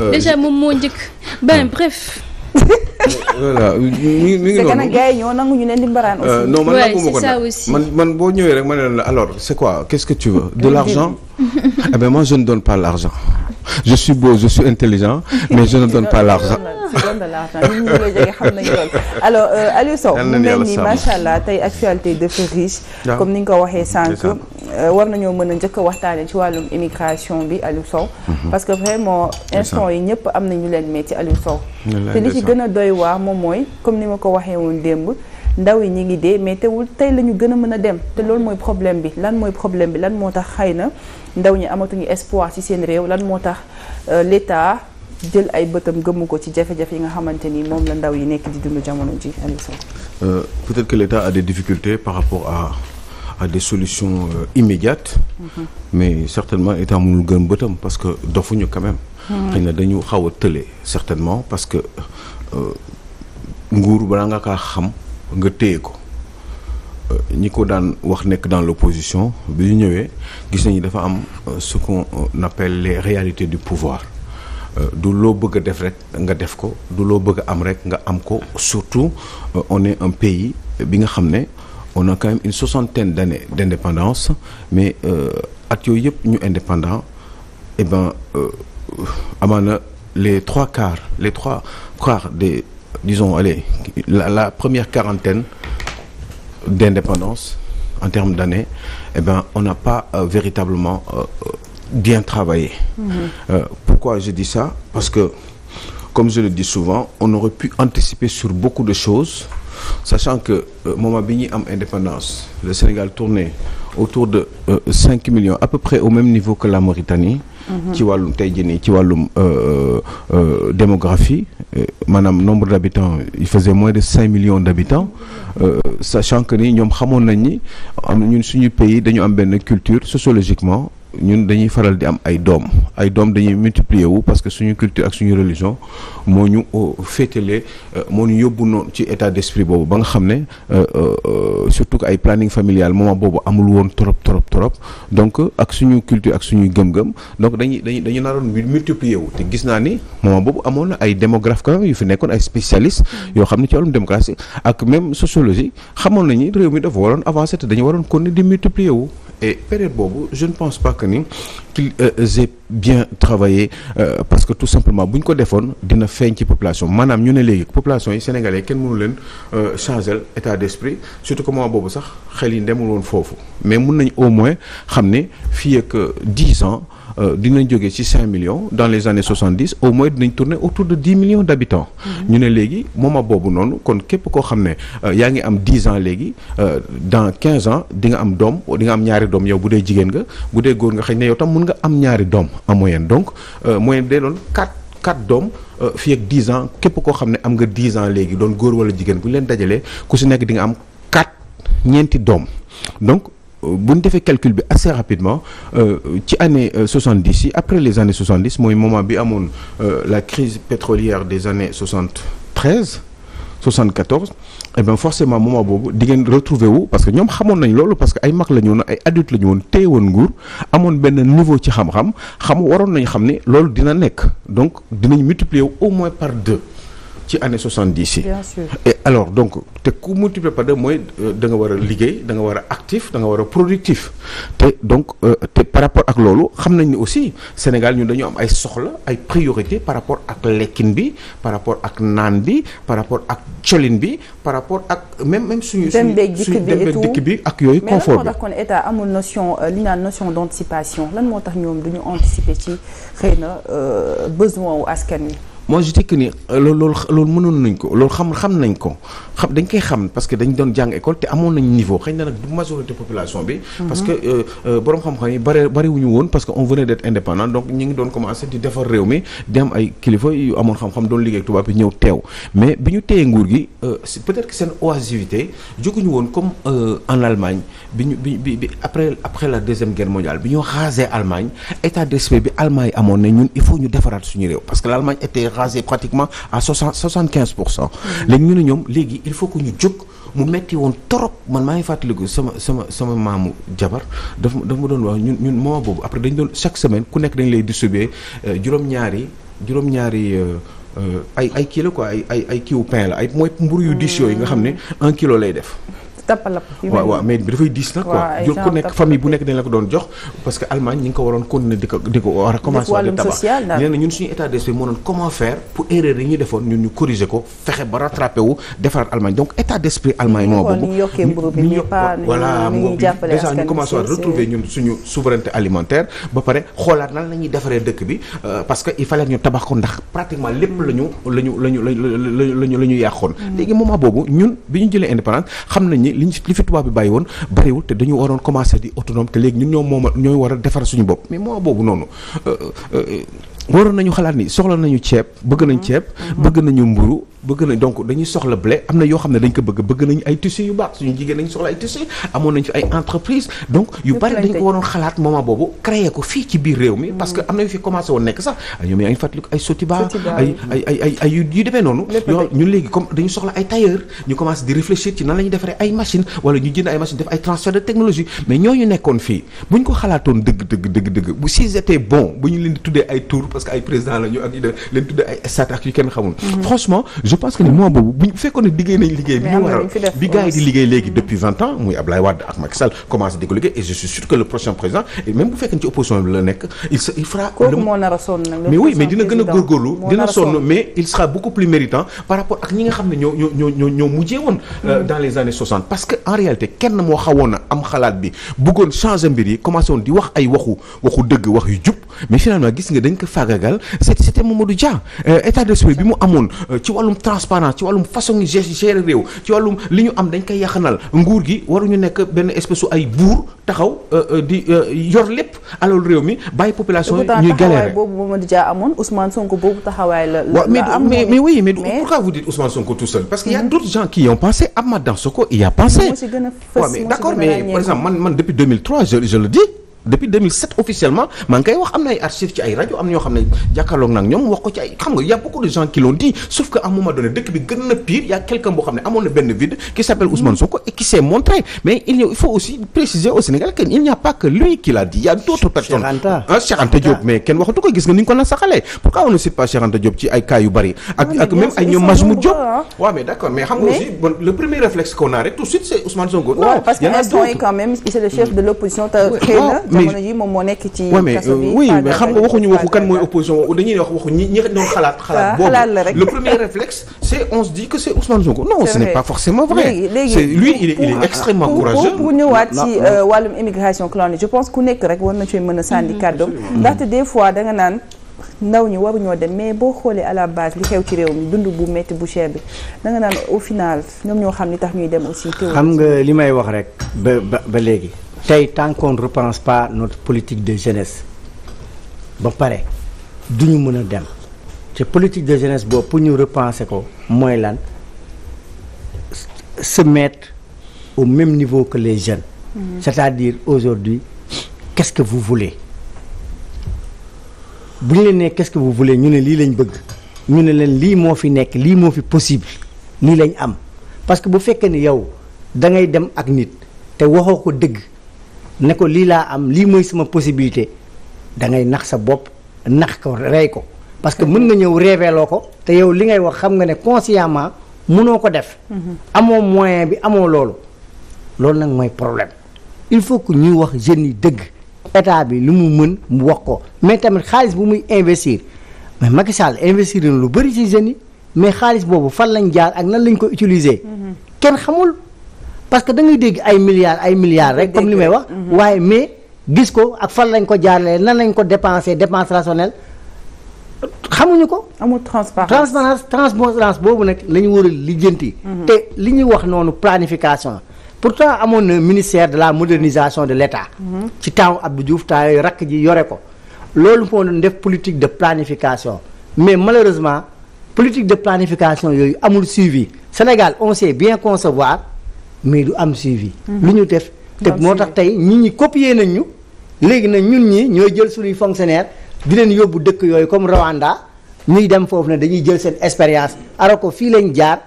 Euh, déjà moom moo njëkk ben ah. bref. voilà mi ngi mi ngi noonu. c'est que gars yi ñoo nangu ñu leen di mbaraan euh, aussi. non man ma boo ñëwee rek ma ne la alors c'est quoi qu'est-ce que tu veux. de l'argent eh ben moi je ne donne pas l'argent je suis beau je suis intelligent mais je ne donne pas l'argent alors euh, Aliou Sow mu mel ni macha allah tey actualité dafa riche. Ah. comme ni nga ko waxee sànq. Euh, war nañoo mën a njëkk a waxtaanee ci wàllum immigration bi alu Sow. Mhm. parce que vraiment instant yi ñëpp am nañu ñu leen metti Aliou Sow. te li ci gën a doy waa moom mooy comme ni ma ko waxee woon démb. ndaw yi ñu ngi dee mais teewul tey la ñu gën a mën a dem te loolu mooy problème bi lan mooy problème bi lan moo tax xay na ndaw ñi amatuñu espoir ci seen réew lan moo tax euh, l'État jël ay bëtam gëmmu ko ci jafe-jafe yi nga xamante ni moom la ndaw yi nekk di dund jamono ji Aliou Sow. Euh, à des solution euh, immédiates mm-hmm. mais certainement état mënul gën bëtam parce que dofuñu quand même mm-hmm. na dañu xaw a tële certainement parce que euh, nguur balaa nga kaa xam nga téye ko euh, ñi ko daan wax nekk dans position bi ñu ñëwee gis nañu dafa am ce qu'on appelle les réalités du pouvoir du loo bëgg a def rek nga def ko du loo bëgg a am rek nga am ko surtout on est un pays bi nga xam ne on a quand même une soixantaine d'années d'indépendance mais euh, at yooyu yëpp ñu indépendant et eh ben euh, amaana les trois quarts les trois quarts des disons allez la, la première quarantaine d'indépendance en termes d'années eh ben on n'a pas euh, véritablement euh, euh bien travaillé mm-hmm. euh, pourquoi je dis ça parce que comme je le dis souvent on aurait pu anticiper sur beaucoup de choses sachant que euh, moment bi ñuy am indépendance le Sénégal tournait autour de euh, cinq millions à peu près au même niveau que la Mauritanie mhm. ci wàllum tey jii nii ci wàllum euh, démographie maanaam nombre d'habitants il faisait moins de cinq millions d'habitants euh, sachant que ni ñoom xamoon nañ ni am ñun suñu pays dañu am benn culture sociologiquement ñun dañuy faral di am ay doom ay doom dañuy multiplier wu parce que suñu culture ak suñu religion moo ñu euh, féetalee euh, moo ñu yóbbu noonu ci état d'esprit boobu ba nga xam ne euh, surtout que ay planning familial moment boobu amul woon trop trop trop donc ak suñu culture ak suñu gëm-gëm donc dañuy dañuy dañu naroon multiplier wu te gis naa ni moment boobu amoon na ay démographe quand yu fi nekkoon ay spécialistes mm. yoo xam ne ci wàllum démocratie ak même sociologie xamoon nañu réew mi dafa waroon avancer te dañu waroon kon di multiplier wu et période boobu je ne pense pas que ni euh, j'ai bien travaillé euh, parce que tout simplement bu ñu ko defoon dina feeñ ci population maanaam ñu ne léegi population yi sénégalais kenn mënu leen euh, changer état d'esprit surtout que moment boobu sax xel yi demul woon foofu mais mun nañ au moins xam ne fii ak dix ans. Euh, dinañ jógee ci 5 millions dans les années 70 au moins dinañ tourner autour de 10 millions d' mhm. ñu ne léegi moment boobu noonu kon képp koo xam ne euh, yaa ngi am 10 ans léegi euh, dans 15 ans di nga am doom di nga am ñaari doom yow bu dee jigéen nga bu dee góor nga xëy ne yow tam mun nga am ñaari doom en moyenne donc moyenne day doon 4 4 doom. fi ak 10 ans képp koo xam ne am nga 10 ans léegi doon góor walla jigéen bu ñu leen dajalee ku si nekk di nga am 4 ñeenti doom donc. bu ñu defee calcul bi assez rapidement euh, ci année 70 euh, yi après les années 70 mooy moment bi amoon euh, la crise pétrolière des années 73 74 et bien forcément moment boobu di ngeen retrouver wu parce que ñoom xamoon nañ loolu parce que ay mag la ñu woon ay adulte la ñu woon téye woon nguur amoon benn niveau ci xam-xam xamu waroon nañ xam ne loolu dina nekk donc dinañ multiplier wu au moins par deux ci année 70 yi. bien alors donc te ku multiplier par deux mooy euh, danga nga war a liggéey da nga war a actif danga nga war a productif te donc euh, te par rapport ak loolu xam nañ ni aussi Sénégal ñun dañu am ay soxla ay priorité par rapport ak lekkin bi par rapport ak naan bi par rapport ak colin bi par rapport ak même même suñu. dem beeg dikk bi ak yooyu. confort bi mais lan moo tax kon état amul notion euh, li naan notion d' anticipation lan moo tax ñoom du ñu anticiper ci xëy na besoin wu askan wi. moi je dis que ni euh, loolu loolu loolu nañ ko loolu xam xam nañ ko xam dañ koy xam parce que dañ doon jàng école amoon nañ niveau xëy na nag du majorité population bi. Mhm. parce que euh, euh, borom xam yi bare barewuñu woon parce que on venait d'être indépendant donc ñu ngi doon commencer di defar réew mi di am ay kilifa yu amoon xam-xam doon liggéey ak tubaab yi ñëw teew mais bi ñu téye nguur gi peut-être que seen oisiveté jóguñu woon comme en Allemagne bi ñu bi bi après après la deuxième guerre mondiale bi ñu xaasee Allemagne état d'esprit bi Allemagne amoon ne ñun il faut ñu defaraat suñu réew parce rasé pratiquement à soixante soixante quinze pour cent. léegi ñu ne ñoom léegi il faut que ñu jóg mu metti woon trop man maa ngi fàttaliku sama sama sama maamu jabar daf daf ma doon wax ñun ñun moment boobu après dañu doon chaque semaine ku nekk dañ lay distribuer euh, juróom-ñaari juróom-ñaari. Euh, euh, ay ay kii la quoi ay ay ay kiiwu pain la ay mooy mburu yu diis yooyu nga xam ne un kilo lay def tappalap waaw waaw mais dafay diis nag quoi jur ku nekk famille bu nekk dañ la ko doon jox parce que Allemagne ñi ngi ko waroon continuer di di ko war a commencé di tabax nee ñu defoon ñun defaree dëkk bi euh, parce que il fallait ñu tabax ko ndax pratiquement lépp la ñu la ñu la ñu la ñu la ñu la ñu yàqoon mm. léegi moment boobu ñun bi ñu jëlee indépendance xam nañ ni liñ li fi tubaab bi bàyyi woon bariwul te dañu waroon commencé di autonome te léegi ñun ñoo moom ñooy war a defar suñu bopp mais moo boobu noonu euh, euh, waroon nañu xalaat ni soxla nañu ceeb bëgg nañ mm-hmm. ceeb mm-hmm. bëgg nañu mburu bëgg nañ donc dañuy soxla blé am na yoo xam ne dañ ko bëgg bëgg nañu ay tissus yu baax suñu jigéen nañu soxla ay tissus amoon nañ fi ay entreprise xalaat moment boobu créer ko fii ci biir réew mi parce que mm-hmm. am na yu fi commencé nekk sax ay ñoom yaa ngi fàttaliku ay Sotiba ay ay ay yu demee noonu yoo léegi comme dañu soxla ay tailleur ñu commencé di réfléchir ci nan la ñuy defaree ay machine wala ñu jënd ay machine def ay transfert de technologie mais ñooñu nekkoon fii buñ ko xalaatoon dëgg dëgg dëgg dëgg bu s'ils étaient bu ñu leen di tuddee ay tour parce que ay président la ñu ak yu de leen tuddee ay stat ak yu kenn xamul mhm. franchement je pense que ni mois boobu bu fekkoon liggéey nañ liggéey bi ñu waral bi gars di liggéey léegi depuis vingt ans muy Ablaye Wade ak Macky Sall commencé di ko liggéey et je suis que le prochain président et bu fekkee ci opposition la nekk il se il fera mais oui mais dina gën mais il sera beaucoup plus méritant par rapport ak ñi nga xam ne ñoo mujjee woon euh, hmm. dans faagagal c'était Mamadou Dia euh, état d'esprit bi mu amoon euh, ci wàllum transparence ci wàllum façon gérer réew ci wàllum li ñu am dañ koy yaxanal nguur gi waruñu nekk benn espèce ay buur taxaw euh, di yor lépp alal réew mi bàyyi population ñuy galère boobu Mamadou Dia amoon Ousmane Sonko boobu taxawaay la mais mais oui mais pourquoi vous dites Ousmane tout seul parce qu'il y a hmm. d'autres gens qui y ont pensé Amath Dansoko y a pensé d'accord mais man man depuis depuis 2007 officiellement maa ngi koy wax am na ay archives ci ay rajo am ñoo xam ne jàkkaarloog nag ñoom wax ko ci ay xam nga y' beaucoup de gens qui l'ont sauf que à un moment dëkk bi gën na pire y' a boo xam ne amoon na benn vide qui s'appelle Ousmane Sonko et qui s'est montré mais il faut pas que lui qui l'a dit d'autres personnes ah Cheikh Anta mais kenn waxatu ko gis nga ni ko na saxalee pourquoi on ne pas Cheikh Anta Diop ci ay cas jamono ji moom moo nekk ci kaso bi euh, oui mais xam nga waxuñu waxu kan wax waxu ñi ñi doon xalaat xalaat boobu le premier réflexe c'est on se dit que c'est Ousmane Sonko non ce n'est pas forcément vrai léegi léegi lui il est il est extrêmement courageux pour ñëwaat ci euh, wàllum immigration clandestine je pense ku nekk rek war na ci mën sànni mm-hmm. kàddoom ndaxte des fois danga naan ndaw ñi waruñoo dem mais boo xoolee à la base li xew ci réew mi dund bu métti bu cher bi da nga naan au final ñoom ñoo xam ni tax ñuy dem aussi. xam nga li may wax rek ba ba ba léegi tey tant qu'on ne repense pas notre politique de jeunesse ba pare du ñu mën a dem te politique de jeunesse boobu ñu repenser ko mooy lan se mettre au même niveau que les jeunes mmh. c'est-à-dire aujourd'hui qu'est-ce bu ñu leen nee qu'est-ce ñu ne lii lañ bëgg ñu ne leen lii moo fi nekk lii moo fi possible lii lañ am parce que bu fekkee ni yow da ngay dem ak nit te waxoo ko dëgg ne ko lii laa am lii mooy sama possibilité da ngay nax sa bopp nax ko rey ko parce que mën nga ñëw révéloo ko te yow li ngay wax xam nga ne consciemment mënoo ko def mhm. amoo moyen bi amoo loolu loolu nag mooy problème il faut que ñuy wax jeunes yi dëgg état bi lu mu mën mu wax ko mais tamit xaalis bu muy investir mais Macky investir na lu bëri si jeunes yi mais xaalis boobu fan lañ jaar ak nan lañ ko utiliser mhm. kenn xamul parce que da ngay dégg ay milliards ay milliards rek comme li may wax waaye mais gis ko ak fan lañ ko jaarale nan lañ ko dépensé dépense rationnelle xamuñu ko. amul transparence transparence boobu nag la ñu war a lijjanti. Mhm. te li ñuy wax noonu planification pourtant amoon na ministère de la modernisation de l' état. Mhm. ci temps Abdou Diouf temps yooyu rakk ji yore ko loolu moo doon politique de planification mais malheureusement politique de planification yooyu amul mais du am suivi. Mhm. lu ñu def te moo tax tey nit ñi copier nañ ñu léegi nag ñun ñi ñooy jël suñuy fonctionnaire di leen yóbbu dëkk yooyu comme Rwanda ñuy dem foofu ne dañuy jël seen expérience alors fii lañ jaar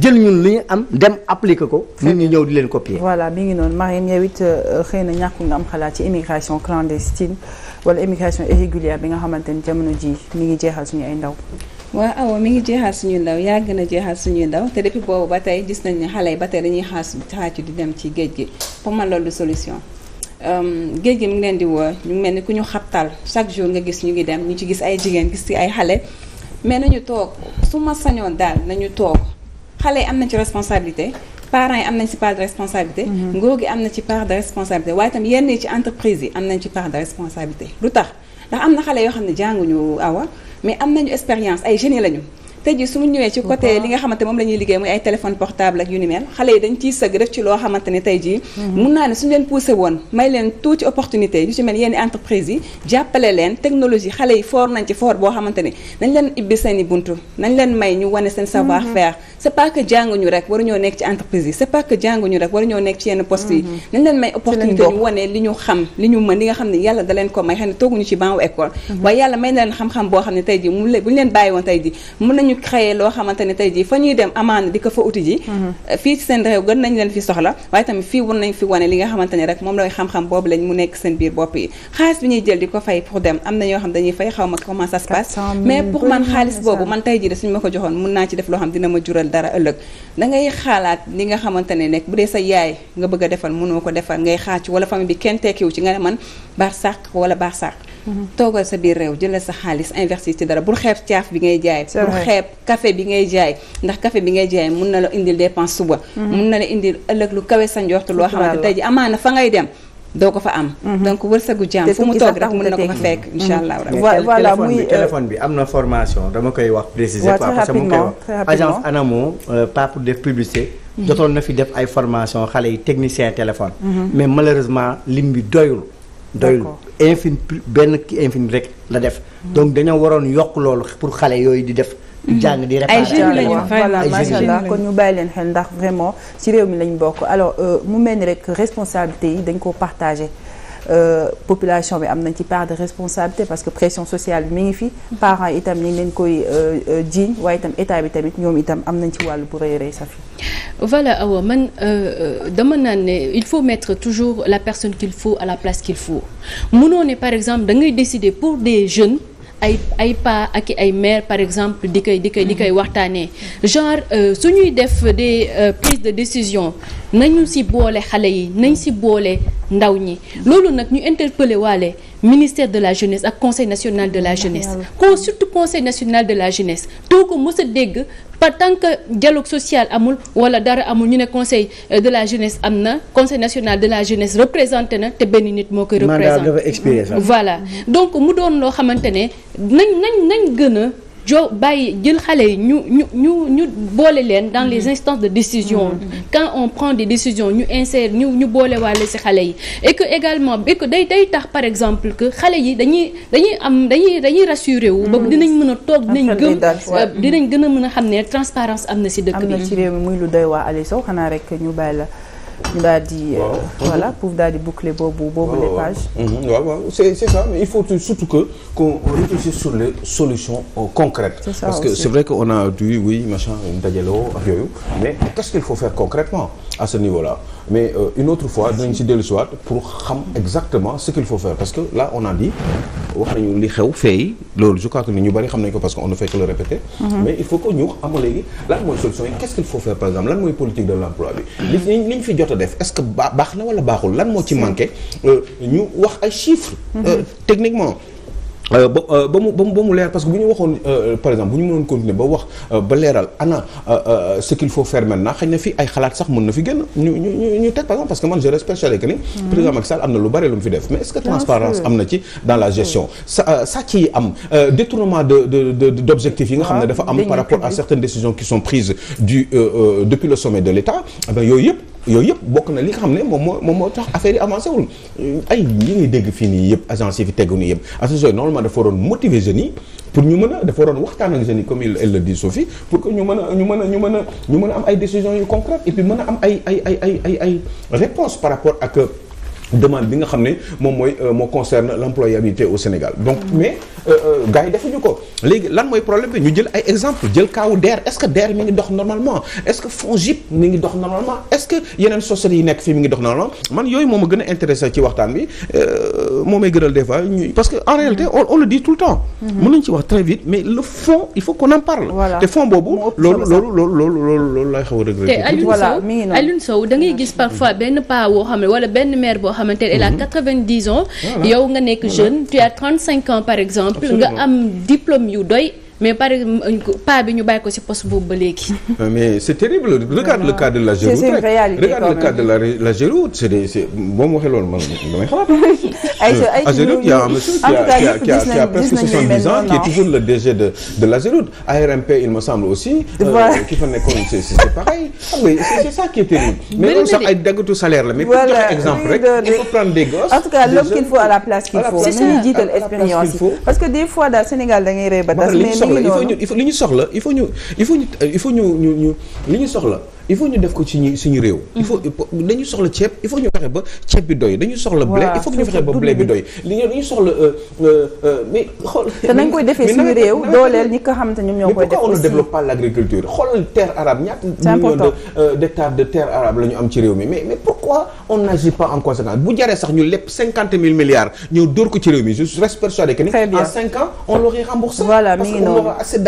jël ñun li ñu am dem appliquer ko. ñun ñu ñëw di leen copier. voilà mi ngi noonu Mariam yow it euh, xëy na ñàkku nga am xalaat ci immigration clandestine wala immigration irrégulière bi nga xamante ni jamono ji mi ngi jeexal suñu ay ndaw. waaw awa mi ngi jeexal suñuy ndaw yàgg na jeexal suñuy ndaw te depuis boobu ba tey gis nañ ne xale yi ba tey dañuy xaas xaacu di dem ci géej gi pour ma loolu solution géej gi mu ngi leen di woo ñu mel ni ku ñu xabtal chaque jour nga gis ñu ngi dem ñu ci gis ay jigéen gis ci ay xale mais nañu toog su ma sañoon daal nañu toog xale yi am nañ ci responsabilité parents yi am nañ ci part de responsabilité nguur mhm. gi am na ci part de responsabilité waaye itam yenn ci entreprise yi am nañ ci part de lu tax am na xale yoo xam ne jànguñu awa mais am nañu expérience ay jeunes lañu tey ji su mu ñëwee ci côté li nga xamante moom la ñuy liggéey muy ay téléphone portable ak yu ni xale yi dañ ciy sëgg def ci loo xamante ne tey jii mhm. mun naa ne suñu leen poussé woon may leen tuuti opportunité yu ci mel yenn entreprise yi jàppale leen technologie xale yi foor nañ ci foor boo xamante ni nañ leen ibbi seen i buntu nañ leen may ñu wane seen savoir faire mhm. c' est pas que jànguñu rek waru ñoo nekk ci entreprise yi c' est pas que jànguñu rek waru ñoo nekk ci yenn poste mhm. ñu wane nga xam ne yàlla leen ko may xam ne tooguñu ci banc école may leen xam boo xam ne tey jii mu buñu leen bàyyi woon ñu créer loo xamante ne tey jii fa ñuy dem amaana di ko fa uti ji mhm. eh, fii ci seen réew gën nañ leen fi soxla waaye tamit fii war nañ fi wane li nga xamante ne rek moom looy xam-xam boobu lañ mu nekk seen biir bopp yi xaalis bi ñuy jël di ko fay pour dem am na ñoo xam dañuy fay xaw ma comment ça se mais pour man xaalis boobu man tey jii de suñ ma ko joxoon mun naa ci def loo xam dina ma jural dara ëllëg da ngay xaalaat li nga xamante ne nekk bu dee sa yaay nga bëgg a defal ko defal ngay xaacu wala famille bi kenn tekkiwu ci nga ne man baax wala baax sàq toogal sa biir réew jëlal sa xaalis investir ci dara bul xeeb caaf bi ngay jaay bul xeeb café bi ngay jaay ndax café bi ngay jaay mun na la indil dépense suba mhm. mun na la indil ëllëg lu kawe sa njort loo xamante tey ji amaana fa ngay dem doo ko fa am. Mhm. donc wërsëgu jàmm fu mu toog rek mën na ko fa fekk mhm. incha allah. waa muy euh, téléphone bi am na formation dama koy wax préciser. waaw parce que mu koy wax agence ANAMO euh, pas pour def publicité. jotoon na fi def ay formation xale yi technicien doyul infini benn infine infini rek la def hmm. donc dañoo waroon yokk loolu pour xale yooyu di def hmm. jàng di réparé ay jeunes lañu voilà macha allah kon ñu bàyyi leen xel ndax vraiment ci réew mi lañu bokk alors euh, mu mel ni rek responsabilité yi dañ koo partagé Euh, population bi am nañ ci part de responsabilité parce que pression sociale bi mi ngi fi parents itam ñu ngi koy euh, euh, jiiñ waaye itam état bi tamit ñoom itam am nañ ci wàllu pour rëy rëy sa fi voilà Awa man dama naan ne il faut mettre toujours la personne qu'il faut à la place qu'il faut mënoo ne par exemple da ngay décider pour des jeunes ay ay pas ak i ay maire par exemple di koy di koy di koy mm-hmm. waxtaanee genre euh, su ñuy def des euh, prises de décision nañu ci boole xale yi nañ ci boole ndaw ñi mm-hmm. loolu nag ñu interpellé waale ministère de la jeunesse ak conseil national de la jeunesse ko surtout conseil national de la jeunesse doo ko mës a dégg pa tant dialogue social amul wala dara amul ñu ne conseil euh, de la jeunesse am na conseil national de la jeunesse représenté na te benn nit moo koy représenté voilà mm-hmm. donc mu doon loo xamante ne nañ nañ nañ gën a jo bàyyi jël xale yi ñu ñu ñu ñu boole leen dans les mm-hmm. instances de décision mm-hmm. quand on prend des décision ñu insère ñu ñu boole waale ci xale yi et que également et que day day tax par exemple que xale yi dañuy dañuy am dañuy dañuy rassuré wu ba mm-hmm. dinañ mën a toog dinañ gëm euh, dinañ gën a mën a xam ne transparence am na si dëkk bi am na ci muy lu doy waa Aliou Sow xanaa rek ñu bàyyi la ñu daal di. Euh, voilà mhm. pour daal di boucler boobu boobu les pages. Mhm. waaw waaw c'est c'est ça mais il faut surtout que qu'on réfléchisse sur les solutions euh, concrètes. c'est que c'est vrai que on a dit oui machin dajaloo ak yooyu mais qu'est-ce qu'il faut faire concrètement à ce niveau-là. mais euh, une autre fois dinañ si dellu siwaat pour xam exactement ce qu'il faut faire parce que là on a dit wax nañu li xew feey loolu je crois que ñu bari xam nañ ko parce que on ne fait que le répéter mhm. mais il faut que ñu xam léegi lan mooy solution yi qu'est-ce qu'il faut faire par exemple lan mooy politique de l'emploi bi li ñu fi jot a def est baax na wala baaxul lan moo ci manqué euh, ñu wax ay chiffres mhm. euh, techniquement Euh, ba euh, ba mu ba mu leer parce que bu ñu waxoon euh, par exemple bu ñu mënoon continuer ba wax ba leeral ana ce qu'il faut faire maintenant xëy na fi ay xalaat sax mën na fi gën ñu ñu ñu teg par exemple parce que man je respecte Chérif que ni. Hmm. président Macky Sall am na lu bari lu mu fi def. mais est-ce que transparence am na ci dans la gestion. sa sàcc yi am détournement de de de d'objectifs yi nga xam ne ah, dafa am. par rapport à certaines décisions qui sont prises du depuis le sommet de l'État. Eh yooyu yëpp. yooyu yëpp bokk na li nga xam ne moom moo moom moo tax affaire yi avancé wul ay yi ngay dégg fii nii yëpp agence yi fi tegu nii yëpp agence yooyu dafa waroon motiver jeunes yi pour ñu mën a dafa waroon waxtaan ak jeunes yi comme elle le dit Sophie pour que ñu mën a ñu mën a ñu mën a ñu mën a am ay décisions yu concrètes et puis a am ay ay ay ay ay ay par rapport ak demande bi nga xam ne moom mooy euh, moo concerne l'employabilité au Sénégal donc mais euh, euh, gars defuñu ko léegi lan mooy problème bi ñu jël ay exemple jël kaawu DER est est-ce que ngi dox normalement est-ce que yooyu moom a gën a intéressé ci waxtaan bi moo may gënal des parce que en réalité on le dit tout temps mm-hmm. mën nañu ci wax très vite mais le fond il faut qu'on te fond boobu loolu loolu loolu loolu laay xaw regretter te Alioune Sow Alioune Sow da ngay xamante ne elle mhm. quatre-vingt-dix ans yow nga nekk jeune tu as trente-cinq ans par exemple nga am diplôme yu doy mais par pas bi ñu bàyyi ko ci poste boobu ba léegi. Euh, mais c'est terrible regarde le cas de la Géroute. c'est le cas de la Géroute c'est c'est boo ma waxee loolu man damay xalaat. ay euh, Géroute a monsieur qui a a c'est c'est pareil xam ah, c'est ça qui est terrible. mais loolu sax ay daggatu salaire la mais pour exemple rek il faut prendre des gosses. parce que des fois daal Sénégal da ngay rey ba soxla il faut ñu li ñu soxla il faut ñu il faut ñu euh, ñu ñu li ñu soxla il faut ñu def ko ci suñu réew. Mm-hmm. il faut dañu soxla ceeb il faut ñu fexe ba ceeb bi doy dañu soxla. blé il faut ñu fexe ba blé bi doy. li ñu soxla euh, euh, euh, mais xool. te nañ defee suñu réew dooleel on ne développe pas l'agriculture xoolal terre arabe de d'hectares de terre arabe la ñu mais mais pourquoi on n'agit pas en conséquence bu jaree sax ñu lépp cinquante mille milliards ñëw dóor ko ci réew mi je reste persuadé que ni. en cinq ans on l'aurait remboursé. voilà mi ngi noonu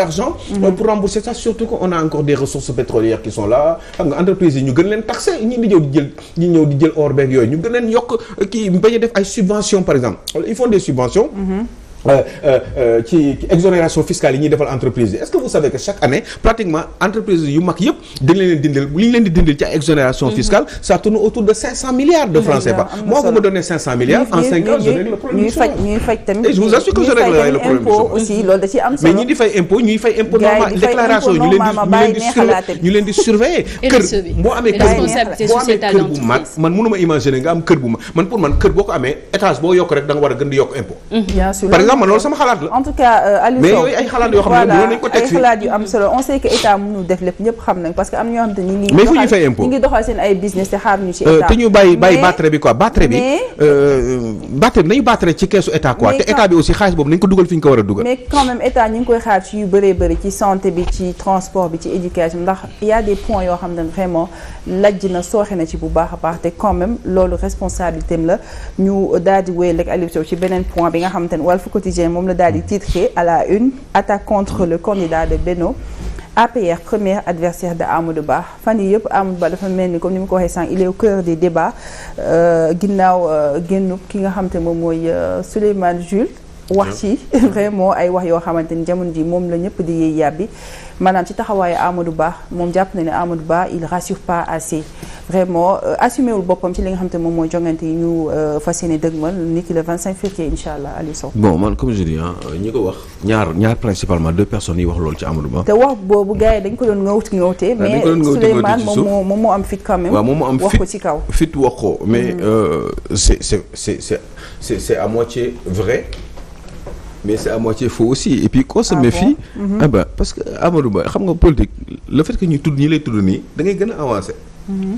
parce qu'on aura mm-hmm. pour rembourser ça surtout qu'on a encore des ressources pétrolières qui sont là xam nga entreprise yi ñu gën leen taxé ñi di jël ñi ñëw di jël yooyu ñu gën leen yokk kii bañ a def ay subventions par exemple ils font des subventions. Mm-hmm. Euh, euh, euh, ci exonération fiscale yi ñuy defal entreprise yi est-ce que chaque année pratiquement entreprise yu mag yëpp dañ leen dindil li ñu leen di dindil ci exonération mhm. fiscale ça tourne autour de milliards de francs CFA moi vous me milliards en 5 ans da ciy am mais ñi di fay impôt ñuy fay impôt normal déclaration ñu leen di ñu kër boo amee kër bu mag man mënuma imaginer nga am kër bu mag man pour man kër boo ko amee étage boo yokk rek da nga la man loolu sama xalaat la. en tout cas euh, Aliou Sow yooyu ay xalaat yoo xam ne loolu nañu ko xalaat yu am solo on sait que état mënul def lépp ñëpp xam nañ parce que am na ñoo xam te ñu euh, ñu a koy xaar ci yu bëree bëri ci santé bi ci transport bi ci éducation ndax y a des yoo xam ne vraiment lajj na sooxe na ci bu baax a baax te quand même loolu responsabilité am la ñu daal di wéyal rek Aliou ci beneen point bi nga xamante ne wàllu quotidien moom la daal di titré à la une attaque contre le candidat de Benno APR premier adversaire de Amadou Ba fan yii yëpp Amadou Ba dafa mel ni comme ni mu ko waxee sànq il est au cœur des débats euh, ginnaaw euh, génnub ki nga xam te moom mooy euh, Souleymane Jules wax ci vraiment ay wax yoo xamante ni jamono ji moom la ñëpp di yëy yàbbi maanaam ci taxawaayu Amadou Ba moom jàpp na ne amadu Ba il rassure pas assez vraiment euh, assumé wul boppam ci li nga xam te moom mooy jongante yi ñu euh, fas yéene dëgmal niki le 25 février incha allah Aliou Sow. bon man comme je ñi ko wax. ñaar ñaar principalement deux personnes yi wax lool ci Amadou Ba. te wax boobu gars yi dañ ko doon ngawut ngawte. mais Souleymane moom moo moom moo am fit quand même. waaw moom moo am fit wax ko ci kaw. fit wax ko mais mm-hmm. euh, c'est c'est c'est c'est à moitié vrai. mais c'est à moitié faux aussi et puis qu'on se ah méfie mm-hmm. ah parce que Amadou Ba xam nga politique le fait que ñu tudd ñi lay tudd nii da ngay gën a avancé mm-hmm.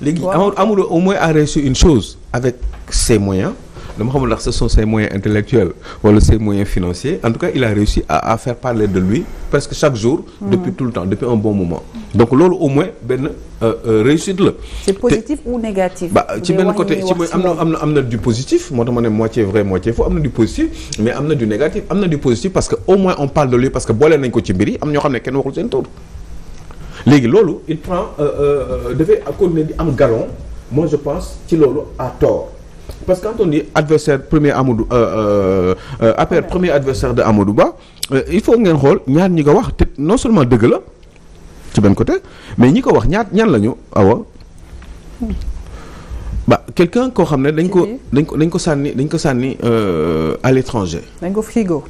léegi Amadou Amadou au moins a réussi une chose avec ses moyens dama xamul ndax ce sont ses moyens intellectuels wala ses moyens financiers en tout cas il a réussi à, à faire parler de lui presque chaque jour hmm. depuis tout le temps depuis un bon moment donc loolu au moins benn euh, euh, réussite la c'est positif ou négatif ba ci benn côté ci mooy am na na am na du positif moo tax ma ne moitié vrai moitié faux am na du positif mais am na du négatif am na du positif parce que au moins on parle de lui parce que boolee nañ ko ci mbir yi am ñoo xam ne léegi loolu il prend euh, euh, euh devait am galon moi je pense ci loolu à tort parce que quand on dit adversaire premier Amadou euh, euh, euh, après premier adversaire de Amadou Ba il faut ngeen xool ñaar ñi ko wax te non seulement dëgg la ci benn côté mais ñi ko wax ñaat ñan lañu awa ba quelqu'un koo xam ne dañ ko dañ ko dañ ko sànni dañ ko sànni à l'étranger. dañ ko frigo.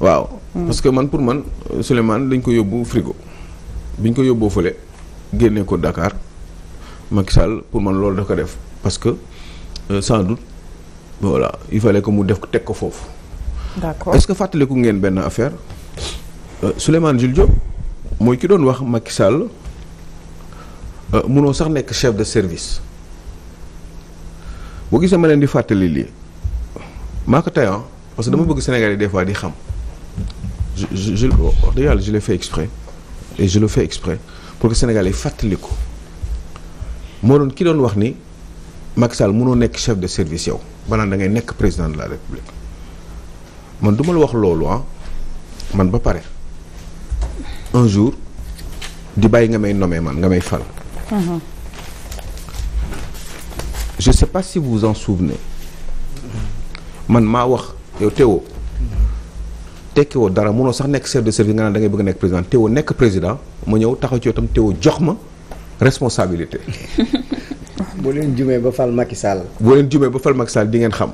waaw hmm. parce que man pour man Souleymane dañ ko yóbbu frigo biñ ko yóbboo fële génne ko dakaar Macky Sall pour man loolu da ko def parce que. Euh, sans doute voilà il fallait que mu def ko teg ko foofu. d'accord est que fàttaliku ngeen benn affaire euh, Souleymane Jules Diop mooy ki doon wax Macky Sall euh, munoo sax nekk chef de service boo gisee ma leen di fàttali lii maa ko tey ah, parce que dama bëgg Sénégalais des fois di xam je je je wax dëgg yàlla je l'ai fait exprès et je le pour que Sénégalais fàttaliku moo doon ki doon wax ni. Macky mënoo nekk chef de service yow banaan da ngay nekk président de la république man duma ma la wax loolu ah man ba pare un jour di bàyyi nga may nommer man nga may fal. Mhm. je sais pas si vous en souvenez man maa wax yow Théo tekki dara mënoo sax nekk chef de service nga naan da ngay bëgg nekk président Théo nekk président ma ñëw taxaw ci yow tam jox ma responsabilité. boo leen jumee ba fal Macky Sall. boo leen jumee ba fal Macky Sall di ngeen xam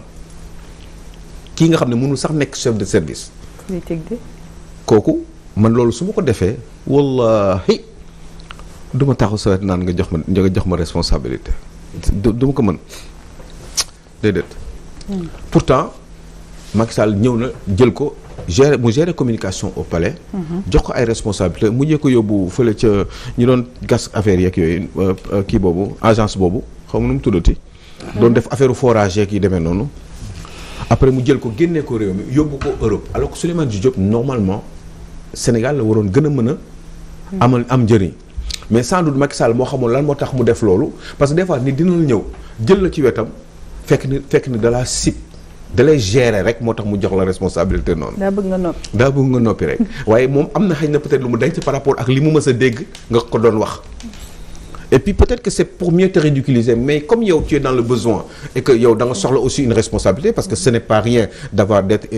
kii nga xam ne mënul sax nekk chef de service. kooku man loolu su ma ko defee wallahi du ma taxaw sawet naan nga jox ma nga jox ma responsabilité duma ko mën déedéet. Hmm. pourtant Macky Sall ñëw na jël ko gérer mu gere communication au palais. Hmm. jox ko ay responsabilité mu mujjee ko yóbbu fële ca ñu doon gas affaire yeeg yooyu euh, euh, kii boobu agence boobu. xaw ma nu mu tuddati. doon def affaire forage yeeg demee noonu. après mu jël ko génnee ko réew mi yóbbu ko Europe alors que Souleymane Diop normalement Sénégal la waroon gën a mën a. amal am njëriñ. mais sans doute Macky moo xamoon lan moo tax mu def loolu parce que des fois nit dina ñëw jël la ci wetam fekk ni fekk ni dala sib dalay gere rek moo tax mu jox la responsabilité noonu. daa bëgg nga noppi daa bëgg nga noppi rek. waaye moom am na xëy na peut-être lu mu denc par rapport ak li mu mës a dégg nga ko doon wax. et puis peut-être que c'est pour mieux te ridiculiser mais comme yow tu es dans le besoin et que yow da nga soxla aussi une responsabilité parce que ce n'est pas rien d'avoir d'être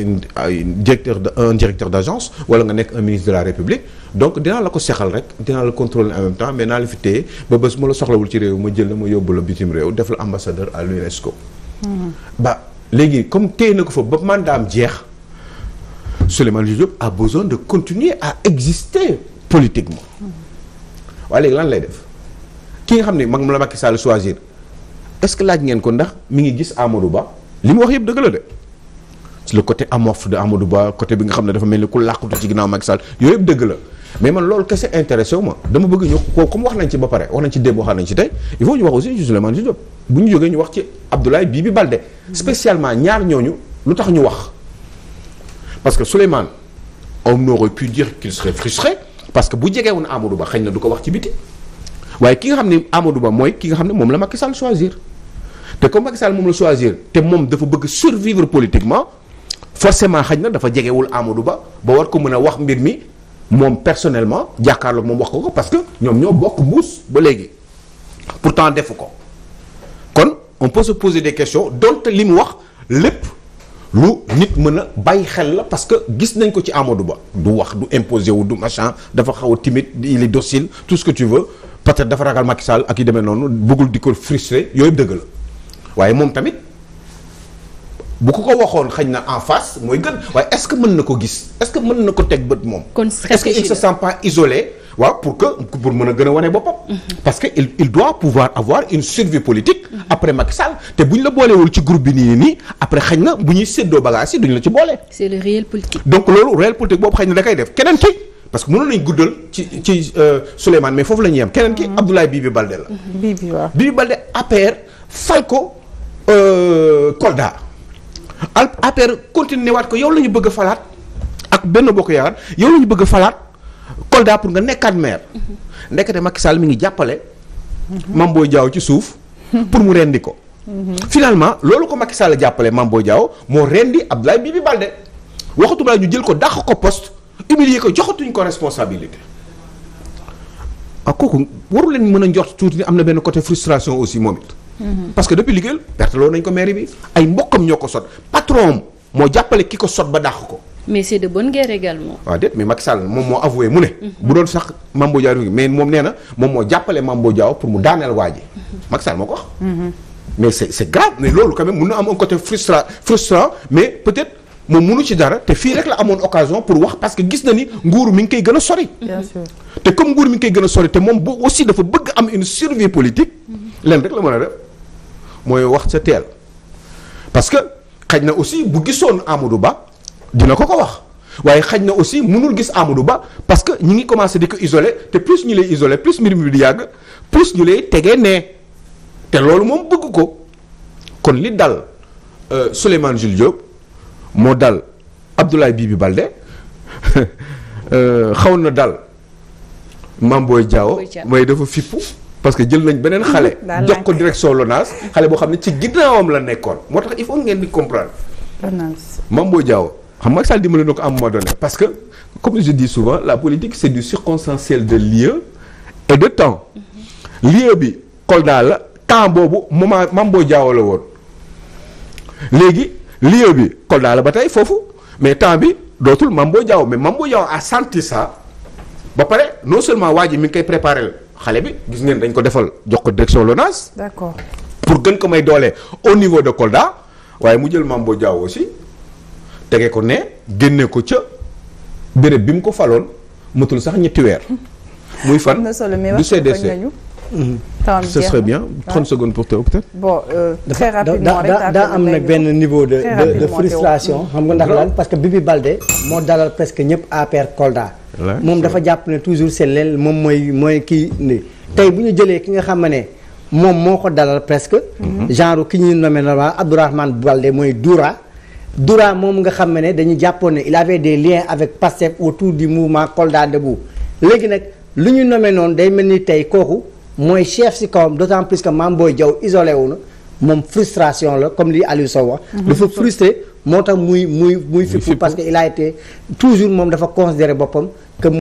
directeur directeur d'agence wala nga nekk un ministre de la République donc dinaa la ko seexal rek dinaa la contrôler en même temps mais naa la fi téye ba bés ma la soxlawul ci réew ma jël la ma yóbbu la bitim réew def la ambassadeur à l'UNESCO mm-hmm. ba léegi comme téye na ko fa ba mandaam jeex Souleymane Diop a besoin de continuer à exister politiquement mm-hmm. waaye lan lay def ki nga xam ne mag la Macky Sall choisir est laaj ngeen ko ndax mi ngi gis Amadou Ba li mu wax yëpp dëgg la de sur le côté amorphe de Amadou Ba côté bi nga xam ne dafa mel ni ku làqutu ci ginnaaw Macky Sall yooyu yëpp dëgg la mais man loolu kese intéressé dama bëgg ñu ko comme wax nañ ci ba pare wax nañ ci démb wax nañ ci tey il faut ñu wax aussi Souleymane Jules Diop bu ñu jógee ñu wax ci Abdoulaye Bibi Baldé spécialement ñaar ñooñu lu tax ñu wax parce que Souleymane on aurait pu dire qu'il serait frustré parce que bu jegee woon Amadou Ba xëy na du ko wax ci biti waaye ki nga xam ne amadu Ba mooy ki nga xam ne moom la Macky Sall choisir te comme Macky moom la choisir te moom dafa bëgg survivre politiquement forcément xaj na dafa jegewul amadu Ba ba war ko mën a wax mbir mi moom personnellement jàkkaarloog moom wax ko ko parce que ñoom ñoo bokk mbuus ba léegi pourtant defu ko kon on peut se poser des question donte li mu wax lépp lu nit mën a bàyyi xel la parce que gis nañ ko ci Amadou Ba du wax du imposer wu du machin dafa xaw timide il est docile tout peut-être ragal Macky Sall ak yi demee noonu bëggul di ko frustré yooyu dëgg waaye moom tamit bu ko ko waxoon na en face mooy gën waaye est-ce que mën na ko gis est-ce que mën na ko teg bët moom. kon est-ce que il se que mën a gën a wane boppam. Mm-hmm. parce que il il doit pouvoir avoir une survie politique. Mm-hmm. après Macky Sall te bu ñu la boolewul ci groupe bi nii nii après xañ na bu ñuy séddoo bagage yi duñu la ci boole. le réel politique. donc loolu réel politique boobu xañ na da koy def keneen ki. parce que mënoon nañ guddal ci ci euh, Souleymane mais foofu lañu ñuy keneen ki mm-hmm. bii bi Baldé la. Mm-hmm. Bibi waaw Bibi Baldé APR fal ko euh, Kolda. al APR continué waat ko yow lañu bëgg falaat ak benn bokk yaakaar yow la ñu bëgg falaat Kolda pour nga nekkaat maire. Mm-hmm. ndekete Macky Sall mi ngi jàppale. Mame Boye Diao ci suuf. pour mu rendi ko. finalement loolu ko Macky Sall jàppale Mame Boye Diao moo rendi Abdoulaye Bibi Baldé waxatuma la ñu jël ko dàq ko poste. humilier ko joxatuñ ko responsabilité waaw ah, kooku waru leen mën a njort tuuti am na benn côté frustration aussi moom it. Mhm. parce que depuis liggéeyal perte loo nañ ko mairie bi ay mbokkam ñoo ko sot patron moo jàppale ki ko sot ba dàq ko. mais c'est de bonne guerre également. waaw ah, déet mais Macky Sall moom moo avoué mu ne. Mhm. bu doon sax Mambo Diaw mais moom nee na moom moo jàppale Mambo Diaw pour mu daaneel waa ji. Mhm. Macky Sall moo ko wax. mais c'est c'est mais loolu quand mun na moom mënu ci dara te fii rek la amoon occasion pour wax parce que gis na ni nguur mi ngi koy gën a sori. te comme nguur mi ngi koy gën a sori te moom bu aussi dafa bëgg am une survie politique. leen rek la mën a def mooy wax ca teel. parce que xaj na aussi bu gisoon Amadou Ba dina ko ko wax waaye xaj na aussi mënul gis Amadou Ba parce que ñi ngi commencé di ko isole te plus ñu lay isolé plus mbir mi di yàgg plus ñu lay tegee nee te loolu moom bëgg ko kon li dal euh, Souleymane Jules moo dal Abdoulaye Bibi Baldé euh, xaw na daal Mame Boye Diao mooy dafa fippu parce que jël nañ beneen xale jox ko direction LONASE xale boo xam ne ci ginnaawam la nekkoon moo tax il faut ngeen di comprendre Mame Boye Diao xam nga Sall dimbali na ko am un moment donné parce que comme je dis souvent la politique c'est du circonstanciel de lieu et de temps mm-hmm. lieu bi Kolda la temps boobu moment Mame Boye Diao la woon léegi lieu bi Kolda la ba tey foofu mais temps bi dootul Mambo Diaw mais Mambo Diaw a senti sa ba pare non seulement waa ji mi ngi koy préparé xale bi gis ngeen dañ ko defal jox ko direction l'ONAS d'accord pour gën ko may doole au niveau de Kolda waaye mu jël Mambo Diaw aussi tege ko ne génnee ko ca béréb bi mu ko faloon matul sax ñetti weer. muy fan du CDC temps bi ce serait bien 30 secondes pour teew peut-être. bon euh, très daa am nag benn niveau de de frustration. xam nga ndax lan parce que Bibi Baldé moo dalal presque ñëpp APR Kolda. moom dafa jàpp ne toujours c'est leen moom mooy mooy kii nii. tey bu ñu jëlee ki nga xam ne moom moo ko dalal presque. Mhm. genre ki ñuy nommé normalement Abdourahmane Baldé mooy Doura. Doura moom nga xam ne dañu jàppoo ne il avait des lien avec PASTEF autour du mouvement Kolda Debout léegi nag lu ñu nommé noonu day mooy chef si kawam d' autant plus que Mame Boye Diaw isolé wu na moom frustration la comme li Aliou Sow wax. Mm-hmm. dafa frustré moo tax muy muy muy. fippu parce que il a été toujours moom dafa considéré boppam que.